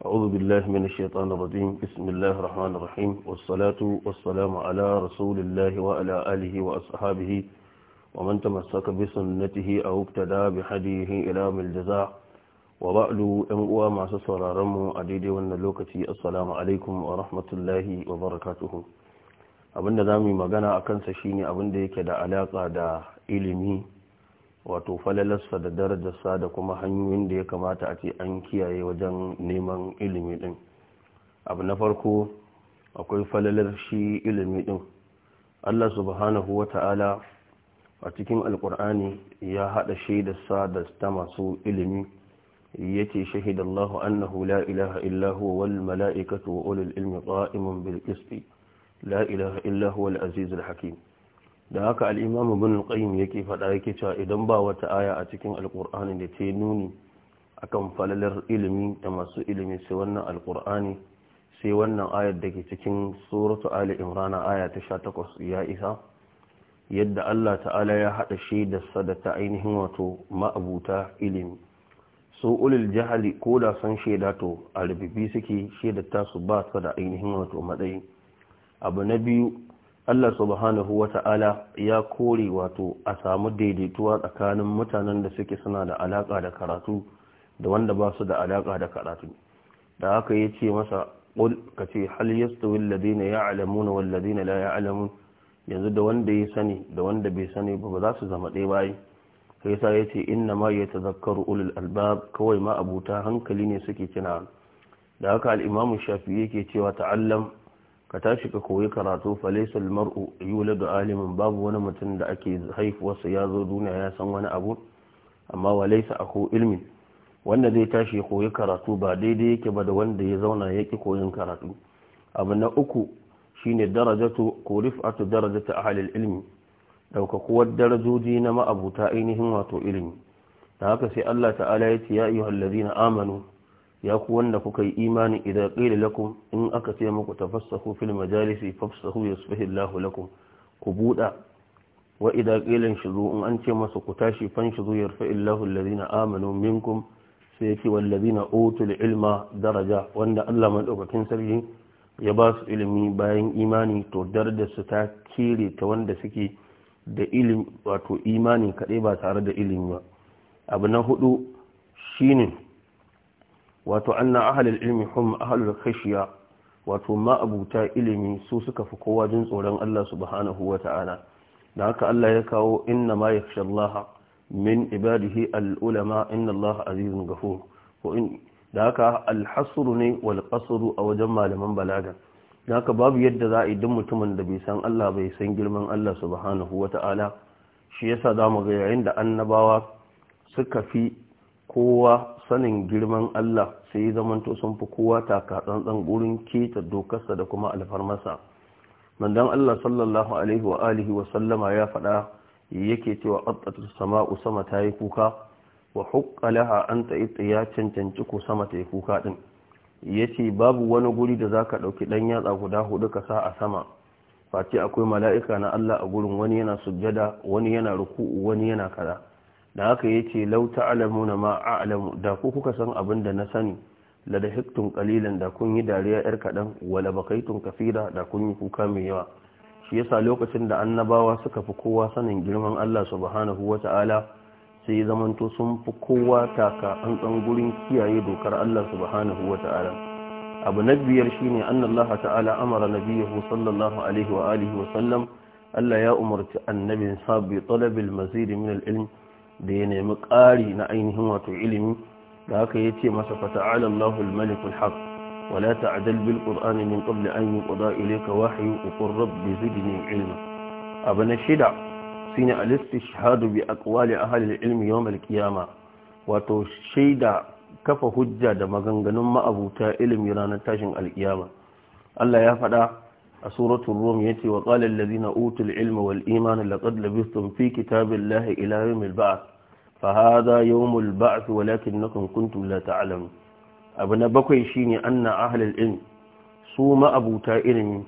أعوذ بالله من الشيطان الرجيم بسم الله الرحمن الرحيم والصلاة والسلام على رسول الله وعلى آله وأصحابه ومن تمسك بسنته أو ابتدى بحديه إلى من الجزاء وبعد أمقوى مع سسر رمو عديد والنلوكة السلام عليكم ورحمة الله وبركاته abinda za mu yi magana a kansa shine abinda yake da alaƙa da ilimi wato falalarsa da darajarsa da kuma hanyoyin da ya kamata a ce an kiyaye wajen neman ilimi din abu na farko akwai falalar shi ilimi din Allah subhanahu wa ta'ala a cikin alkur'ani ya haɗa shaidarsa da ta masu ilimi ya ce shahidallahu annahu la ilaha illahu wal mala'ikatu wa ulul ilmi qa'imun bil qisti la ilaha illahu wal azizul hakim da haka al'imamu bin qayyim yake faɗa yake cewa idan ba wata aya a cikin alƙur'ani da ta nuni akan falalar ilimi da masu ilimi sai wannan alƙur'ani sai wannan ayar da ke cikin suratu ali imrana aya ta sha takwas ya isa yadda allah ta'ala ya haɗa shi da ta ainihin wato ma'abuta ilimi su ulil jahali ko da san shaida to a rububi suke shaidata su ba su da ainihin wato matsayi abu na biyu Allah subhanahu wa ta'ala ya kore wato a samu daidaituwa tsakanin mutanen da suke suna da alaƙa da karatu da wanda ba su da alaƙa da karatu da haka ya ce masa ƙul ka ce hal yastawi alladhina ya'lamuna wal ladina la ya'lamun yanzu da wanda ya sani da wanda bai sani ba za su zama ɗaya bai sai sa ya ce inna ma yatazakkaru ulul albab kawai ma abuta hankali ne suke kina da haka al-imamu shafi'i yake cewa ta'allam ka tashi ka koyi karatu falaisal mar'u yuladu alimin babu wani mutum da ake haifuwarsa ya zo duniya ya san wani abu amma walaisa ako ilmin wanda zai tashi ya koyi karatu ba daidai yake ba da wanda ya zauna ya ki koyin karatu abu na uku shine darajatu ko rif'atu darajatu ahlil ilmi daukakuwar darajoji na ma'abuta ainihin wato ilimi da haka sai Allah ta'ala ya ce ya ayyuhal ladina amanu ya ku wanda kuka yi imani idan qila lakum in aka ce muku tafassahu fil majalisi fafsahu Allahu lakum ku buda wa idan qila shizu in an ce masa ku tashi fan shizu yarfa Allahu alladhina amanu minkum sai yake wallazina utul ilma daraja wanda Allah madaukakin sarki ya ba su ilimi bayan imani to darda su ta kire ta wanda suke da ilimi wato imani kaɗai ba tare da ilimi ba abu na hudu shine wato anna ahlul ilmi hum ahlul kashiya wato ma ilimi su suka fi kowa jin tsoron Allah subhanahu wata'ala da haka Allah ya kawo inna ma yakhsha Allah min ibadihi al'ulama inna Allah azizun gafur. da haka alhasuru ne walƙasuru a wajen malaman balaga da haka babu yadda za a idan mutumin da bai san Allah bai san girman Allah subhanahu wata'ala shi yasa zamu ga yayin da annabawa suka fi kowa sanin girman Allah sai zamanto sun fi kowa taka tsantsan gurin keta dokarsa da kuma alfarmarsa mandan Allah sallallahu alaihi wa alihi wa sallama ya faɗa yake cewa sama sama'u sama ta yi kuka wa huqqa laha an ta'ita ya cancanci ku sama ta yi kuka din ce babu wani guri da za ka ɗauki ɗan yatsa guda hudu ka sa a sama fati akwai mala'ika na Allah a gurin wani yana sujjada wani yana ruku'u wani yana kada. da haka ya ce lauta alamu na ma'a'alamu da ku kuka san abin da na sani lada hiktun kalilan da kun yi dariya yar kaɗan wala bakaitun kafira da kun yi kuka mai yawa shi yasa lokacin da annabawa suka fi kowa sanin girman Allah subhanahu wa ta'ala sai ya zamanto sun fi kowa taka tsantsan gurin kiyaye dokar Allah subhanahu wa ta'ala abu na biyar shine annallaha ta'ala amara nabiyahu sallallahu alaihi wa alihi wa sallam Allah ya umarci annabin sa bi talabil mazid min al-ilm da ya nemi ƙari na ainihin wato ilimi da haka ya ce masa fata'ala Allahul malikul haq wala ta'jal bil qur'ani min qabl an yuqda ilayka wahyu qur rabbi zidni ilma abu na shida shine al-istishhadu bi aqwali ahli al-ilm yawm al-qiyama wato shaida kafa hujja da maganganun ma'abuta ilimi ranar tashin alkiyama Allah ya faɗa a suratul rum ce wa qala allazina utul ilmi wal imani laqad labistum fi kitabillahi ila yawmil milba'a fa hadha su walakin walakinnakum kuntum la ta'lamun abu na bakwai shine anna ahlul ilm su ma abuta ilmi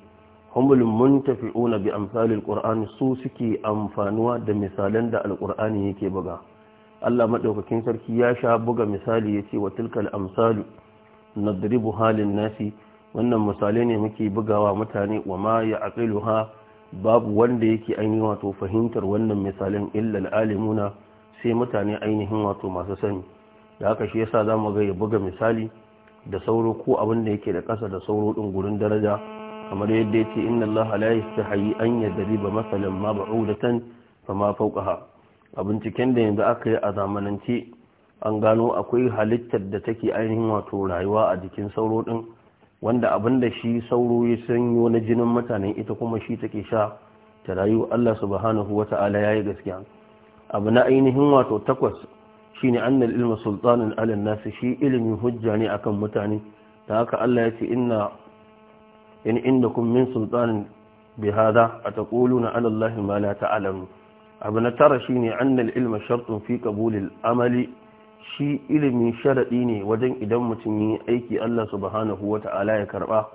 humul muntafi'una bi amsalil qur'an su suke amfanuwa da misalan da alƙur'ani yake buga Allah madaukakin sarki ya sha buga misali yace wa tilkal amsalu nadribu halin nasi wannan misali ne muke bugawa mutane wa ma ya ha babu wanda yake ainihin wato fahimtar wannan misalin illal alimuna sai mutane ainihin wato masu sani da haka shi yasa zamu ga ya buga misali da sauro ko abin da yake da kasa da sauro din gurin daraja kamar yadda yace inna Allah la yastahi an yadriba masalan ma ba'udatan fama fawqaha a binciken da yanzu aka yi a zamanance an gano akwai halittar da take ainihin wato rayuwa a jikin sauro din wanda abin da shi sauro ya sanyo na jinin mutane ita kuma shi take sha ta rayu Allah subhanahu wa ta'ala ya yi gaskiya abu na ainihin wato takwas shi ne annal ilmi sultanin alin nasu shi ilimin hujja ne akan mutane ta haka Allah ya ce inna in inda kun min sultanin bi hada a takulu na Allah ma la abu na tara shi ne annal ilmi shartun fi qabulil amali shi ilimi sharaɗi ne wajen idan mutum yi aiki Allah subhanahu wa ta'ala ya karɓa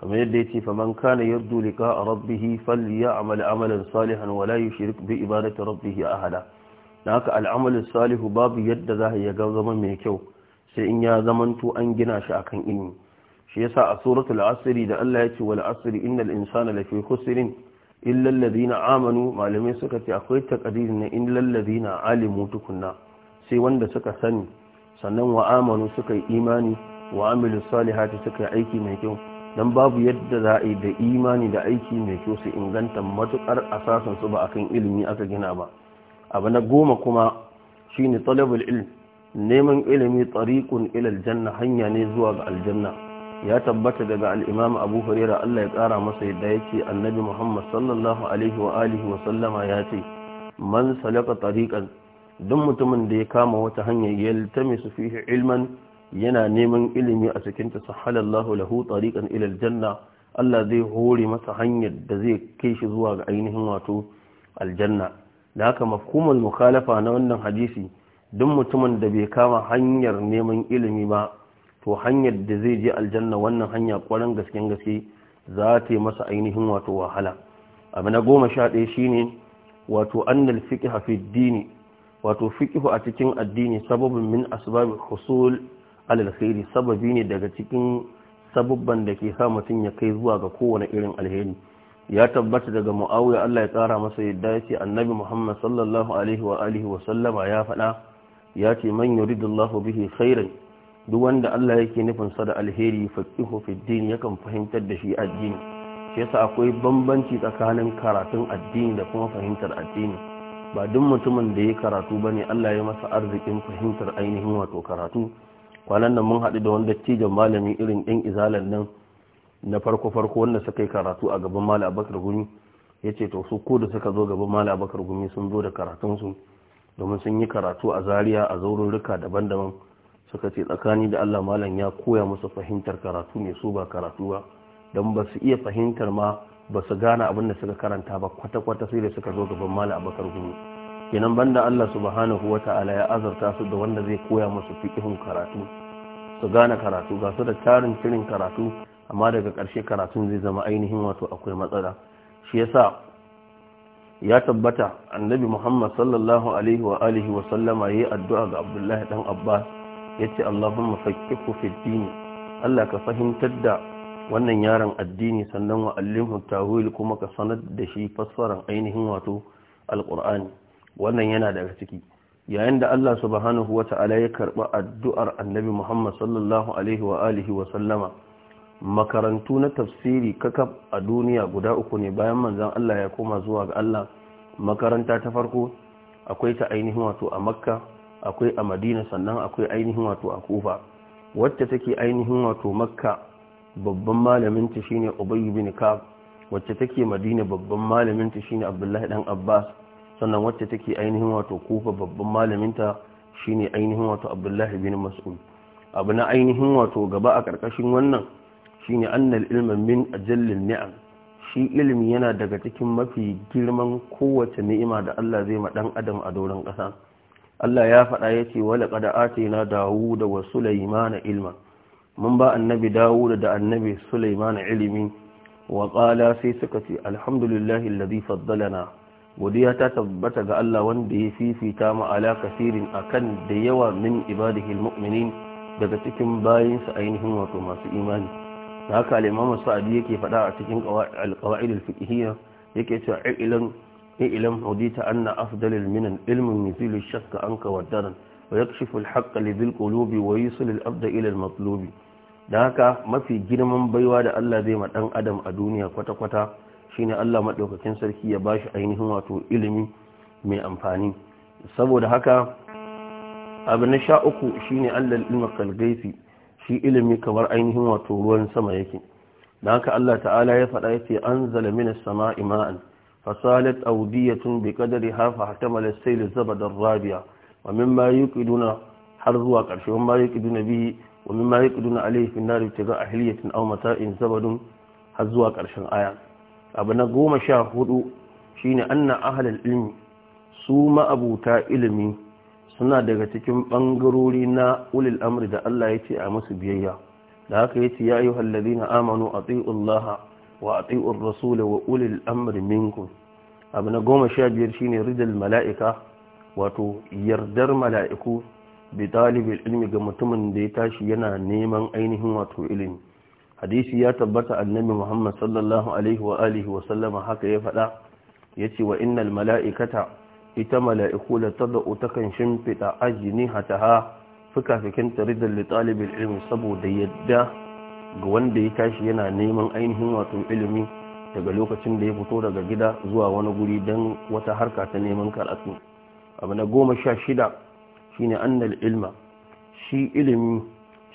kamar yadda ya ce faman kana yardu liqa rabbih falyamal amalan salihan wa la yushrik bi ibadati rabbihi ahada dan haka al'amalu salihu babu yadda za ya ga zama mai kyau sai in ya zamanto an gina shi akan ilimi shi yasa a suratul asri da Allah ya ce wal asri innal insana lafi in illa alladhina amanu malamai suka ce akwai takadirin na illal na alimu tukunna sai wanda suka sani sannan wa amanu suka yi imani wa amilu salihati suka yi aiki mai kyau dan babu yadda za a yi da imani da aiki mai kyau su inganta matukar asasan su ba akan ilimi aka gina ba abu na goma kuma shine talabul ilm neman ilimi tariqun ila aljanna hanya ne zuwa ga aljanna ya tabbata daga al-imam Abu Hurairah Allah ya kara masa yadda yake annabi Muhammad sallallahu alaihi wa alihi wa sallama ya ce man salaka tariqan duk mutumin da ya kama wata hanya su fi ilman yana neman ilimi a cikin ta sahalallahu lahu tariqan ila aljanna Allah zai hore masa hanyar da zai kai shi zuwa ga ainihin wato aljanna da haka mafhumul mukhalafa na wannan hadisi duk mutumin da bai kama hanyar neman ilimi ba to hanyar da zai je aljanna wannan hanya kwarin gasken gaske za ta yi masa ainihin wato wahala abu na goma sha ɗaya shine wato annal fiqh fi dini wato fiqhu a cikin addini sababin min asbabul husul al-khairi sababi ne daga cikin sababban da ke sa mutum ya kai zuwa ga kowane irin alheri ya tabbata daga muawiya Allah ya tsara masa yadda ya annabi Muhammad sallallahu alaihi wa alihi wa sallama ya faɗa ya ce man yuridullahu bihi khairan duk wanda Allah yake nufin sa da alheri faqihu fi din yakan fahimtar da shi addini shi sa akwai bambanci tsakanin karatun addini da kuma fahimtar addini ba duk mutumin da ya karatu ba ne Allah ya masa arzikin fahimtar ainihin wato karatu kwanan nan mun haɗu da wanda dattijan malami irin ɗin izalan nan na farko-farko wanda suka yi karatu a gaban mala abakar gumi ya ce to su ko da suka zo gaban mala abakar gumi sun zo da karatunsu domin sun yi karatu a zariya a zaururruka daban-daban suka ce tsakani da allah malam ya koya musu fahimtar karatu ne su ba karatu ba don ba su iya fahimtar ma ba su gane abin da suka karanta ba kwata-kwata sai da suka zo gaban mala bakar gumi kenan banda Allah subhanahu wa ta'ala ya azarta su da wanda zai koya musu fiqhun karatu su gane karatu ga su da tarin cirin karatu amma daga ƙarshe karatun zai zama ainihin wato akwai matsala shi yasa ya tabbata annabi Muhammad sallallahu alaihi wa alihi wa sallama yayi addu'a ga abdullahi dan Abbas yace Allahumma faqqihhu fid din Allah ka fahimtar da wannan yaron addini sannan wa allimhu tawil kuma ka sanar da shi fassaran ainihin wato alqur'ani wannan yana daga ciki yayin da Allah subhanahu wata'ala ya karba addu'ar annabi Muhammad sallallahu alaihi wa alihi wa sallama makarantu na tafsiri kakaf a duniya guda uku ne bayan manzon Allah ya koma zuwa ga Allah makaranta ta farko akwai ta ainihin wato a Makka akwai a Madina sannan akwai ainihin wato a Kufa wacce take ainihin wato Makka babban malaminta ta shine Ubay bin Ka'ab wacce take Madina babban malaminta ta shine Abdullahi dan Abbas sannan wacce take ainihin wato Kufa babban malaminta ta shine ainihin wato Abdullahi bin Mas'ud abu na ainihin wato gaba a karkashin wannan shine annal ilmin min ajallil ni'am shi ilimi yana daga cikin mafi girman kowace ni'ima da Allah zai ma dan adam a doron ƙasa Allah ya faɗa yace wala qad atina dawuda wa sulaymana ilma mun ba annabi dawud da annabi sulaiman ilimi wa qala sai suka ce alhamdulillahi alladhi faddalana godiya ta tabbata ga Allah wanda ya fifita mu ala kasirin akan da yawa min ibadihi almu'minin daga cikin bayinsa ainihin wato masu imani da haka al-imam yake faɗa a cikin al-qawaid yake cewa ilan ilan hudita anna afdalul minan ilmin yuzilu shakka anka wadaran ويكشف الحق لذي القلوب ويصل الأبد إلى المطلوب da haka mafi girman baiwa da Allah zai ma dan adam a duniya kwata-kwata shine Allah madaukakin sarki ya bashi ainihin wato ilimi mai amfani saboda haka abu na sha uku shine Allah ilmi kalgaifi shi ilimi kamar ainihin wato ruwan sama yake da haka Allah ta'ala ya faɗa ya ce yace anzala minas sama imaan. fasalat awdiyatun biqadriha fa hatamala as-sayl zabadar rabi'a wa mimma yuqiduna har zuwa ƙarshe wani ma yuqiduna bihi ومما يقدون عليه في النار ابتغاء حلية أو متاء زبد هزوا كرشن آية أبنا قوم شاهدوا شين أن أهل العلم سوما أبو تا إلمي suna daga cikin ɓangarori na ulil amri da Allah ya ce a musu biyayya da haka ya ce ya yi hallabi na amanu a tsi'ullaha wa a tsi'ur rasula wa ulil amri minkum abu na goma sha biyar shine ridar mala'ika wato yardar mala'iku bi talibin ilmi ga mutumin da ya tashi yana neman ainihin wato ilimi hadisi ya tabbata annabi muhammad sallallahu alaihi wa alihi wa sallama haka ya faɗa ya ce wa innal mala'ikata ita mala'iku la tada'u takan shimfiɗa ajini hataha fikin ridar li talibin ilmi saboda yadda ga wanda ya tashi yana neman ainihin wato ilimi daga lokacin da ya fito daga gida zuwa wani guri don wata harka ta neman karatu abu na goma sha shida shine annal ilma shi ilimi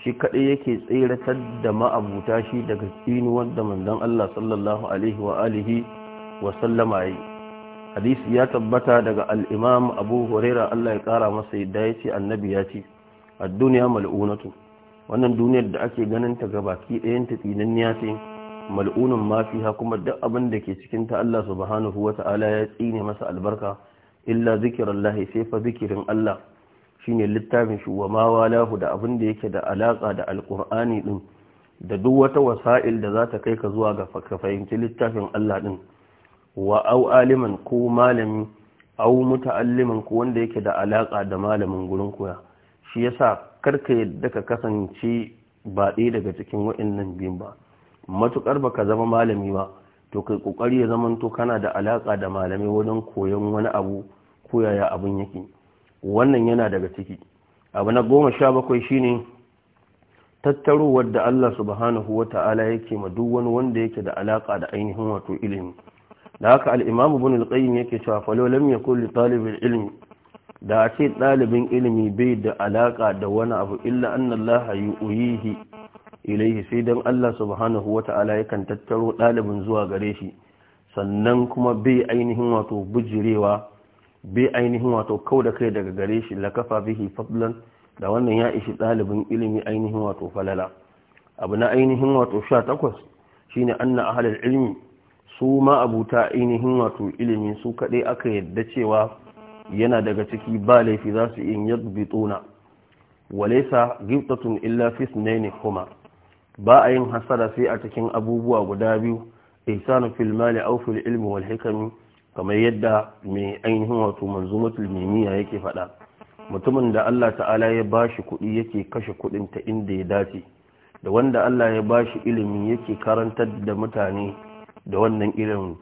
shi kaɗai yake tsiratar da ma'abuta shi daga tsinuwar da manzon Allah sallallahu alaihi wa alihi wa sallama yi hadisi ya tabbata daga al-imam Abu Huraira Allah ya kara masa yadda yace annabi ya ce ad-dunya mal'unatu wannan duniyar da ake ganin ta baki ɗayan ta ya ce mal'unun ma fiha kuma duk abin da ke cikin ta Allah subhanahu wata'ala ya tsine masa albarka illa zikrullahi sai fa zikirin Allah shine littafin shi wa ma da abin da yake da alaka da alkur'ani din da duk wata wasa'il da za ta kai ka zuwa ga fahimci littafin Allah din wa au aliman ko malami au muta'alliman ko wanda yake da alaka da malamin gurin koya shi yasa karka yadda ka kasance ba ɗaya daga cikin waɗannan biyun ba matukar baka zama malami ba to kai kokari ya zamanto kana da alaka da malamai wajen koyon wani abu ko yaya abun yake wannan yana daga ciki abu na goma sha bakwai shi ne. tattarowar da Allah subhanahu wa ta'ala yake ma duk wani wanda yake da alaƙa da ainihin wato ilimi da haka al’imamu bin ibn yake cewa falo ya kulle li ilimi da a ce ɗalibin ilimi bai da alaƙa da wani abu illa annallaha uyihi ilaihi sai don Allah subhanahu wa ta'ala yakan tattaro ɗalibin zuwa gare shi sannan kuma bai ainihin wato bujirewa bai ainihin wato kau da kai daga gare shi kafa bihi fadlan da wannan ya ishi ɗalibin ilimi ainihin wato falala abu na ainihin wato sha takwas shine anna ahlul ilmi su ma abuta ainihin wato ilimi su kaɗai aka yadda cewa yana daga ciki ba laifi za su in yadbituna walaysa gibtatun illa fi sunaini kuma. ba a yin hasara sai a cikin abubuwa guda biyu ihsanu fil mali aw fil ilmi wal hikami kamar yadda mai ainihin wato manzumatul mimiya yake faɗa mutumin da Allah ta'ala ya bashi kuɗi yake kashe kuɗin ta inda ya dace da wanda Allah ya bashi ilimi yake karantar da mutane da wannan ilimin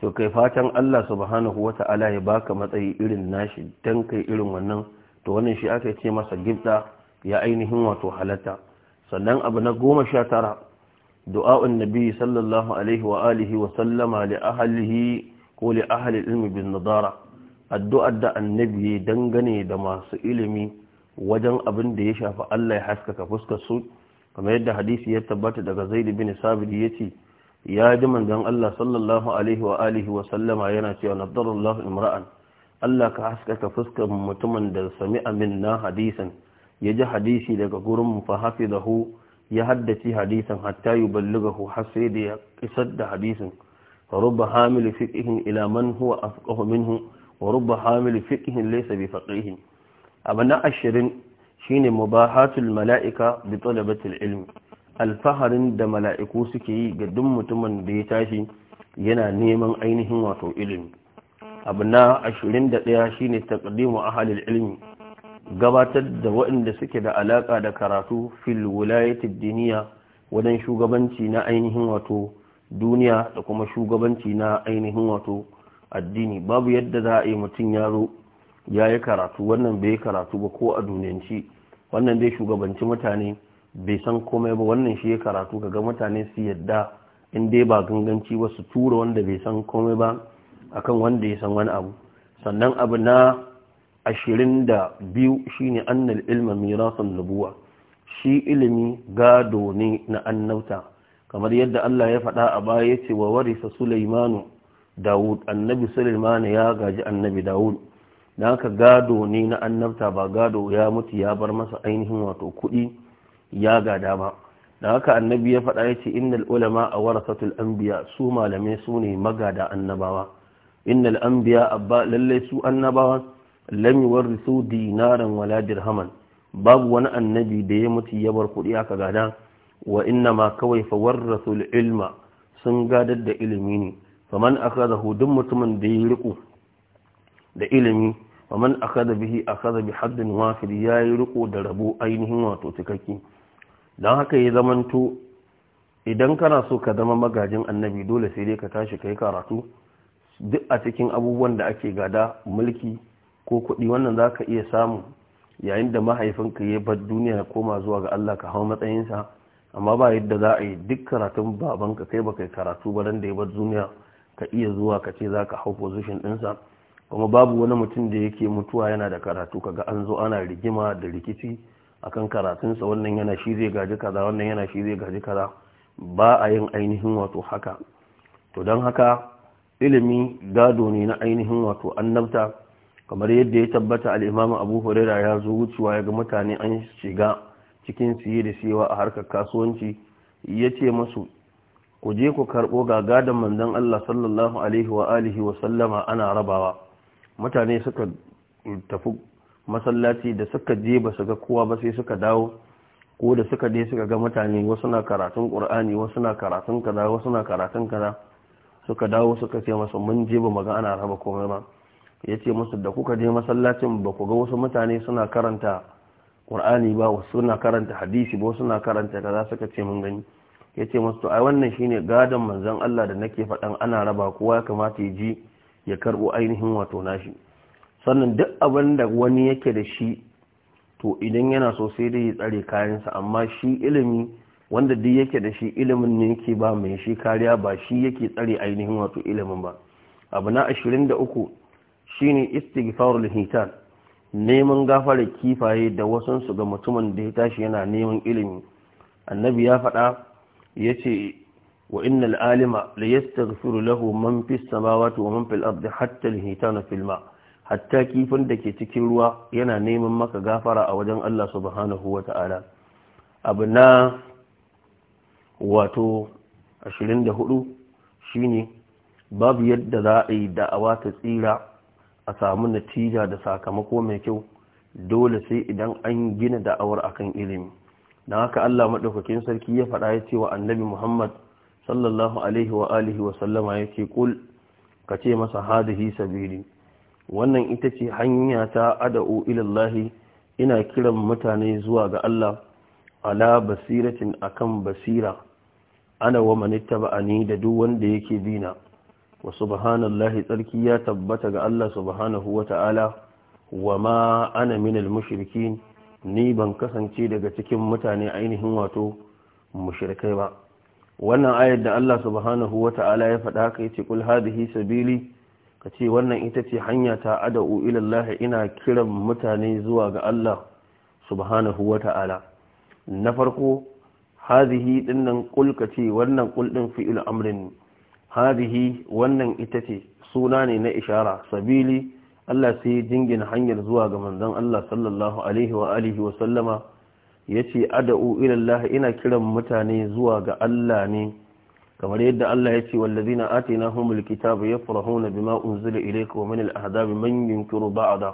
to kai fatan Allah subhanahu wata'ala ya baka matsayi irin nashi dan kai irin wannan to wannan shi aka ce masa gibda ya ainihin wato halatta sannan abu na goma sha tara du'a'un nabi sallallahu alaihi wa alihi wa sallama li ahlihi ko li ilmi bin nadara addu'ar da annabi dangane da masu ilimi wajen abin da ya shafi Allah ya haskaka fuskar su kamar yadda hadisi ya tabbata daga zaidu bin ya yace ya ji manzon Allah sallallahu alaihi wa alihi wa sallama yana cewa nadarallahu imra'an Allah ka haskaka fuskar mutumin da amin na hadisan ya ji hadisi daga gurin fa hafizahu ya haddace hadisan hatta yuballighahu har sai da ya isar da hadisin فرب حامل فقه إلى من هو أفقه منه ورب حامل فقه ليس بفقيه shine الشرين mala'ika مباحات الملائكة بطلبة العلم alfaharin da mala'iku suke yi ga duk mutumin da ya tashi yana neman ainihin wato ilimi abu na ashirin da ɗaya shine ne taƙaddimu a ilimi gabatar da waɗanda suke da alaƙa da karatu fil wilayatul diniya wajen shugabanci na ainihin wato duniya da kuma shugabanci na ainihin wato addini babu yadda za a yi mutum yaro ya yi karatu wannan bai karatu ba ko a duniyanci wannan bai shugabanci mutane bai san komai ba wannan shi ya karatu kaga mutane su yadda in dai ba ganganci ba su tura wanda bai san komai ba akan wanda ya san wani abu sannan abu na ashirin da biyu shine annal ilma mirasan nubuwa shi ilimi gado ne na annauta kamar yadda Allah ya faɗa a baya yace wa warisa Sulaimanu Dawud annabi Sulaimanu ya gaji annabi Dawud dan haka gado ne na annabta ba gado ya mutu ya bar masa ainihin wato kuɗi ya gada ba da haka annabi ya faɗa yace innal ulama a warasatul anbiya su malamai su ne magada annabawa innal anbiya abba lalle su annabawa lam yuwarrisu dinaran wala dirhaman babu wani annabi da ya mutu ya bar kuɗi aka gada wa inna ma kawai fa warrasu ilma sun gadar da ilimi ne faman akhadahu duk mutumin da ya riko da ilimi faman akhadha bihi akhadha bi haddin wafir ya yi riko da rabo ainihin wato cikakki. dan haka ya zamanto idan kana so ka zama magajin annabi dole sai dai ka tashi kai karatu duk a cikin abubuwan da ake gada mulki ko kuɗi wannan za ka iya samu yayin da mahaifinka ya bar duniya koma zuwa ga Allah ka hau matsayinsa amma ba yadda za a yi duk karatun babanka kai ba kai karatu ba dan da ya bar duniya ka iya zuwa ka ce za ka hau position ɗinsa kuma babu wani mutum da yake mutuwa yana da karatu kaga an zo ana rigima da rikici akan karatunsa wannan yana shi zai gaji kaza wannan yana shi zai gaji kaza ba a yin ainihin wato haka to don haka ilimi gado ne na ainihin wato annabta kamar yadda ya tabbata al'imamu abu huraira ya zo wucewa ya ga mutane an shiga cikin siye da siyewa a harkar kasuwanci ya ce masu ku je ku karɓo gaga da manzon Allah sallallahu alaihi wa alihi wa sallama ana rabawa mutane suka tafi masallaci da suka je ba su ga kowa ba sai suka dawo ko da suka je suka ga mutane wasu na karatun qur'ani wasu na karatun kaza wasu na karatun kaza suka dawo suka ce masa mun je ba maga ana raba komai ba yace musu da kuka je masallacin ba ku ga wasu mutane suna karanta qur'ani ba wasu suna karanta hadisi ba wasu na karanta kaza suka ce mun gani yace musu ai wannan shine gadon manzon Allah da nake faɗan ana raba kowa ya kamata ya ji ya karɓo ainihin wato nashi sannan duk abin da wani yake da shi to idan yana so sai dai ya tsare kayansa amma shi ilimi wanda duk yake da shi ilimin ne yake ba mai shi kariya ba shi yake tsare ainihin wato ilimin ba abu na uku shine istighfarul hitan neman gafara kifaye da wasan su ga mutumin da ya tashi yana neman ilimi annabi ya faɗa ya ce wa innal alima la yastaghfiru lahu man fis samawati wa man fil ardi hatta al hitana fil ma hatta kifin da ke cikin ruwa yana neman maka gafara a wajen Allah subhanahu wa ta'ala abu na wato 24 shine babu yadda za a yi da'awa ta tsira a samu natija da sakamako mai kyau dole sai idan an gina da'awar akan ilimi don haka Allah maɗaukakin sarki ya faɗa ya ce wa annabi Muhammad sallallahu alaihi wa alihi wa sallama ya ce kul ka ce masa hadihi sabiri wannan ita ce hanya ta ada'u ilallahi ina kiran mutane zuwa ga Allah ala basiratin akan basira ana wa manittaba ani da duk wanda yake dina. wa subhanallahi tsarki ya tabbata ga Allah subhanahu wa ta'ala wa ma ana minal mushrikin ni ban kasance daga cikin mutane ainihin wato mushirikai ba wannan ayar da Allah subhanahu wa ta'ala ya faɗa ka yace kul hadhihi sabili kace wannan ita ce hanya ta adau ila ina kiran mutane zuwa ga Allah subhanahu wa ta'ala na farko hadhihi dinnan ka ce wannan kul ɗin fi'il amrin hadihi wannan ita ce suna ne na ishara sabili Allah sai jingina hanyar zuwa ga manzon Allah sallallahu alaihi wa alihi wa sallama yace ad'u ila Allah ina kiran mutane zuwa ga Allah ne kamar yadda Allah yace wallazina atainahumul kitaba yafrahuna bima unzila ilayka wa min al-ahzabi man yunkiru ba'da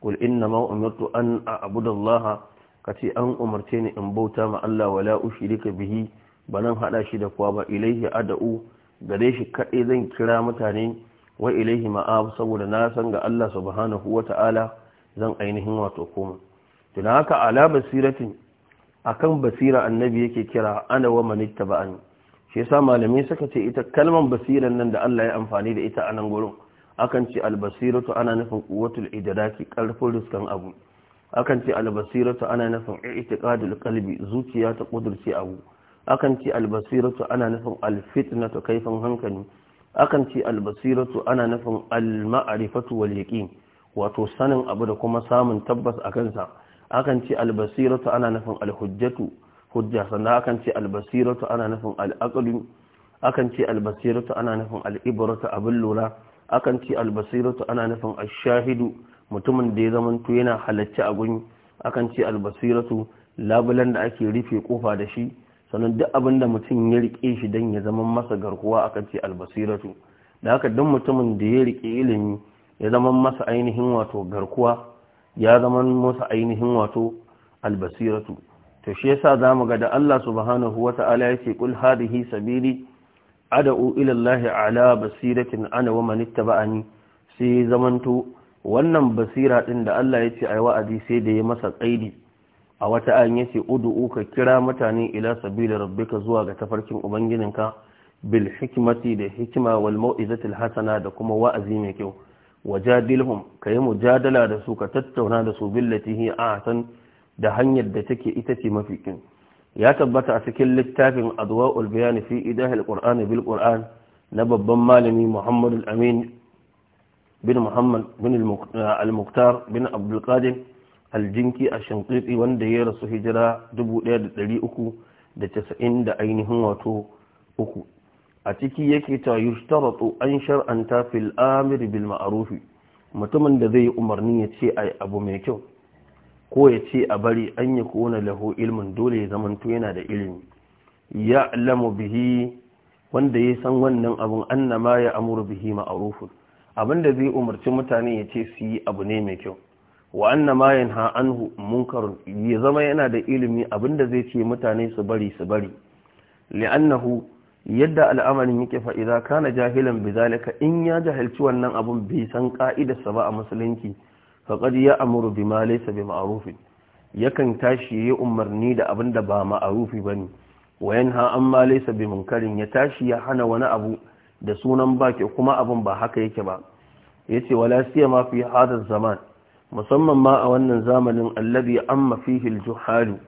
qul inna ma umirtu an a'budu Allah kace an umarce ni in bauta ma Allah wala ushrika bihi banan hada shi da kuwa ba ilaihi ad'u gare shi kaɗai zan kira mutane wa ilaihi ma'ab saboda na san ga Allah subhanahu wa ta'ala zan ainihin wato koma Tuna haka ala basiratin akan basira annabi yake kira ana wa manitta an shi yasa malamai suka ce ita kalman basiran nan da Allah ya amfani da ita a nan gurin akan ce albasiratu ana nufin quwwatul idraki karfin riskan abu akan ce albasiratu ana nufin i'tiqadul qalbi zuciya ta kudurci abu akan ce albasiratu ana nufin alfitnatu kaifin hankali akan ce albasiratu ana nufin alma'arifatu wal yaqin wato sanin abu da kuma samun tabbas a kansa akan ce albasiratu ana nufin alhujjatu hujja sannan akan ce albasiratu ana nufin al'aqlu akan ce albasiratu ana nufin al'ibratu abin lura akan ce albasiratu ana nufin shahidu. mutumin da ya zamanto yana halacce a gun akan ce albasiratu labulan da ake rufe kofa da shi sannan duk abin da mutum ya riƙe shi don ya zama masa garkuwa a ce albasiratu da haka duk mutumin da ya riƙe ilimi ya zama masa ainihin wato garkuwa ya zama masa ainihin wato albasiratu to shi yasa zamu ga da Allah subhanahu wata'ala yake kul hadihi sabili ad'u ila Allah ala basiratin ana wa man ittaba'ani sai zamanto wannan basira din da Allah yace ai wa'azi sai da ya masa tsaidi a wata ayin yace ud'u ka kira mutane ila sabili rabbika zuwa ga tafarkin ubanginka bil hikmati da hikima wal mau'izatil hasana da kuma wa'azi mai kyau wajadilhum kayi mujadala da su ka tattauna da su billati hi ahsan da hanyar da take ita ce mafi kin ya tabbata a cikin littafin adwa'ul bayan fi idahil qur'ani bil qur'an na babban malami muhammadul al-Amin bin Muhammad bin al-Muqtar bin Abdul Qadir aljinki a shinƙiƙi wanda ya rasu hijira ɗaya da da casa'in ainihin wato uku a ciki yake ta yushtaratu an shar'anta fil amir bil ma'arufi mutumin da zai yi umarni ya ce a abu mai kyau ko ya ce a bari an yi kona laho ilmin dole ya zamanto yana da ilimi ya alamu bihi wanda ya san wannan abun annama ya amuru bihi ma'arufin da zai umarci mutane ya ce su yi abu ne mai kyau wa anna ma yanha anhu munkarun ya zama yana da ilimi abinda zai ce mutane su bari su bari li'annahu yadda al'amarin yake fa idza kana jahilan bizalika in ya jahilci wannan abun bai san ka'idarsa ba a musulunci faqad ya'muru bima laysa bi maarufin, yakan tashi ya umarni da abin da ba ma'arufi bane wa yanha amma laysa bi munkarin ya tashi ya hana wani abu da sunan baki kuma abin ba haka yake ba yace wala siyama fi hadar zaman musamman ma a wannan zamanin allazi amma fihil juhalu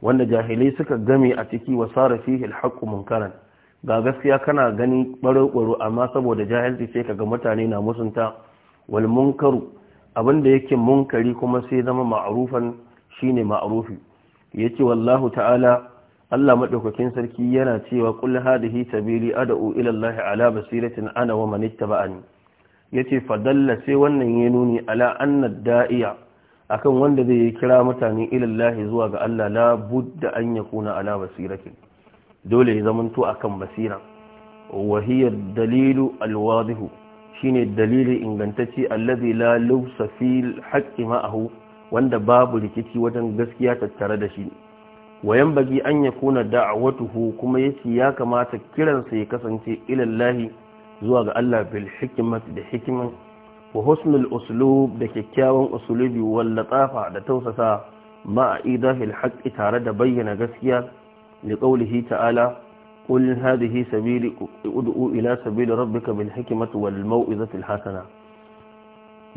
wanda jahilai suka game a ciki wasara fihil fihi munkaran ga gaskiya kana gani baro amma saboda jahilci sai kaga mutane na musunta wal munkaru abinda yake munkari kuma sai zama ma'rufan shine ma'rufi yace wallahu ta'ala Allah madaukakin sarki yana cewa qul hadhihi sabili ad'u ila allahi ala basiratin ana wa man yace fadalla sai wannan ya nuni ala anna da'iya akan wanda zai kira mutane ilallahi zuwa ga Allah la da an yakuna ala basiratin dole ya zamanto akan basira wa hiya dalilu alwadih shine dalilin ingantacce allazi la lubsa fil haqqi ma'ahu wanda babu rikici wajen gaskiya tattare da shi wayan bagi an yakuna da'awatuhu kuma yace ya kamata kiransa ya kasance ilallahi zuwa ga Allah bil hikmat da hikiman wa husnul uslub da kyakkyawan uslubi wal latafa da tausasa ma idahil haqqi tare da bayyana gaskiya li qawlihi ta'ala qul hadhihi sabili ud'u ila sabili rabbika bil hikmati wal maw'izati al hasana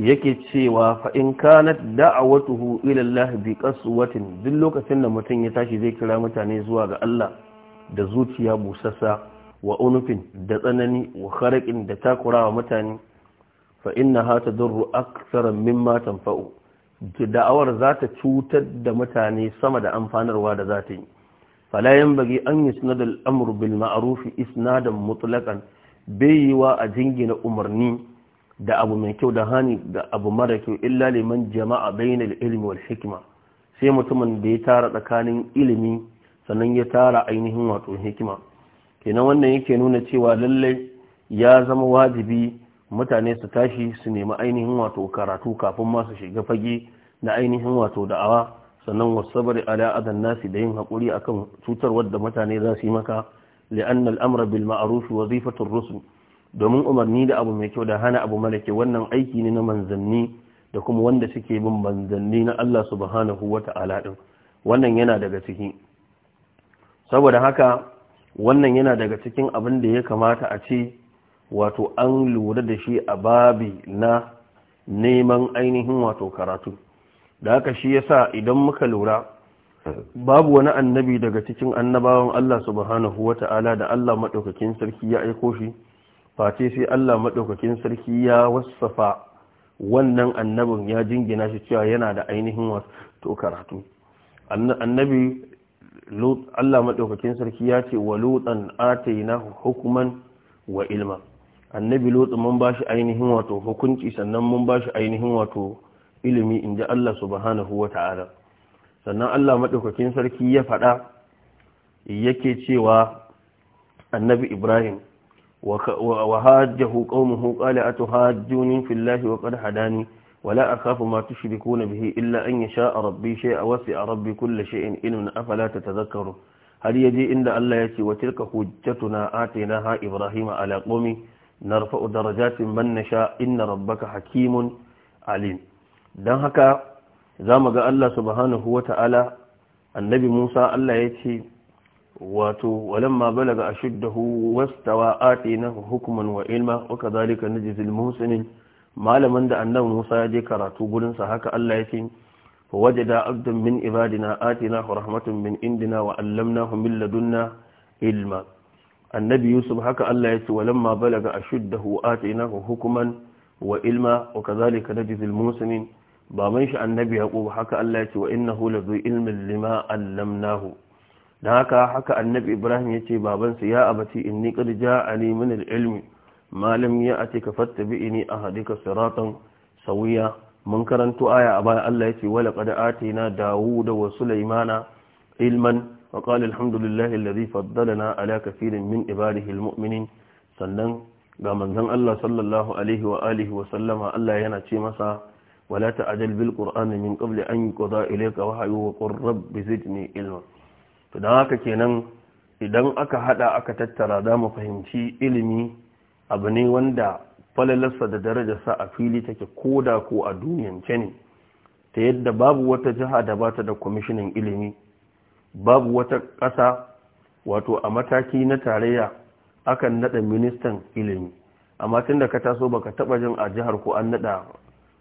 yake cewa fa in kanat da'awatuhu ila Allah bi qaswatin duk lokacin da mutum ya tashi zai kira mutane zuwa ga Allah da zuciya busassa wa unufin da tsanani wa kharaƙin da takurawa mutane fa inna ha ta durru min mimma tanfa'u da'awar za ta cutar da mutane sama da amfanarwa da za ta yi fala bagi an yusnada al-amru bil ma'ruf isnadan mutlaqan bayywa a jingina umarni da abu mai kyau da hani da abu mara kyau illa liman jama'a bainal ilmi wal hikima sai mutumin da ya tara tsakanin ilimi sannan ya tara ainihin wato hikima kenan wannan yake nuna cewa lallai ya zama wajibi mutane su tashi su nemi ainihin wato karatu kafin masu shiga fage na ainihin wato da'awa sannan wasabari ala adan nasi da yin haƙuri akan cutarwar da mutane za su yi maka li'anna al'amura bil wa zifatun rusu, domin umarni da abu mai kyau da hana abu malake wannan aiki ne na manzanni da kuma wanda suke bin manzanni na Allah subhanahu wata'ala ɗin, wannan yana daga ciki saboda haka wannan yana daga cikin abin da ya kamata a ce wato an lura da shi a babi na neman ainihin wato karatu da haka shi yasa idan muka lura babu wani annabi daga cikin annabawan Allah subhanahu wata'ala da Allah maɗaukakin sarki ya aiko shi face sai Allah maɗaukakin sarki ya wasafa wannan annabin ya jingina shi cewa yana da ainihin wato karatu annabi Allah maɗaukakin sarki ya ce wa lutan ataina hukuman wa ilma annabi lut mun bashi ainihin wato hukunci sannan mun bashi ainihin wato ilimi inda Allah subhanahu ta'ala sannan Allah maɗaukakin sarki ya faɗa yake cewa annabi Ibrahim wa hajjahu qaumuhu qala atuhajjuni fillahi wa qad hadani ولا أخاف ما تشركون به إلا أن يشاء ربي شيء وسع ربي كل شيء إن أفلا تتذكروا هل يجي إن الله يتي وتلك حجتنا آتيناها إبراهيم على قومي نرفع درجات من نشاء إن ربك حكيم عليم دان هكا زامق الله سبحانه وتعالى النبي موسى الله يتي واتو ولما بلغ أشده واستوى آتيناه حكما وإلما وكذلك نجزي المحسنين malamin da annabi Musa ya je karatu gurin sa haka Allah ya ce fa wajada abdan min ibadina atina rahmatan min indina wa allamnahu min ladunna ilma annabi Yusuf haka Allah ya ce walamma balaga ashuddahu atinahu hukuman wa ilma wa kadhalika najzil muslimin baban shi annabi yaqub haka Allah ya ce wa innahu lazu ilmin lima allamnahu dan haka haka annabi ibrahim ya ce baban sa ya abati inni qad ja'ani min al-ilmi malam ya atika a hadika siratan sawiya mun karanto aya a baya Allah yace wala qad dawo da wa sulaymana ilman wa qala alhamdulillahi alladhi ala kathirin min ibadihi almu'minin sannan ga manzon Allah sallallahu alaihi wa alihi wa sallama Allah yana ce masa wala ajal bil qur'an min qabli an yuqda ilayka wahyu wa qur rabbi zidni ilma to dan haka kenan idan aka hada aka tattara za mu fahimci ilimi abu ne wanda falalarsa da darajarsa a fili take koda ko a duniyance ne ta yadda babu wata jiha da bata da kwamishinan ilimi babu wata ƙasa wato a mataki na tarayya akan nada ministan ilimi amma tun da ka taso baka taba jin a jihar ko an nada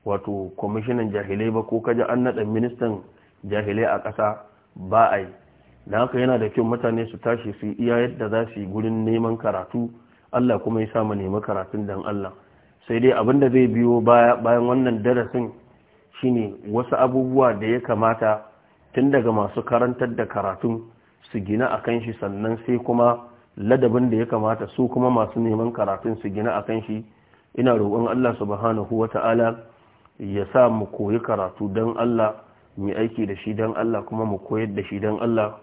wato kwamishinan jahilai ba ko kaji an nada ministan jahilai a ƙasa ba a yi da haka yana da kyau mutane su tashi su iya yadda za su yi gurin neman karatu Allah kuma ya sa mu nemi karatun dan Allah sai dai abin da zai biyo bayan wannan darasin shine wasu abubuwa da ya kamata tun daga masu karantar da karatun su gina kan shi sannan sai kuma ladabin da ya kamata su kuma masu neman karatun su gina kan shi ina roƙon Allah subhanahu wata'ala ya sa mu koyi karatu don Allah mu aiki da shi don Allah kuma mu koyar da shi don Allah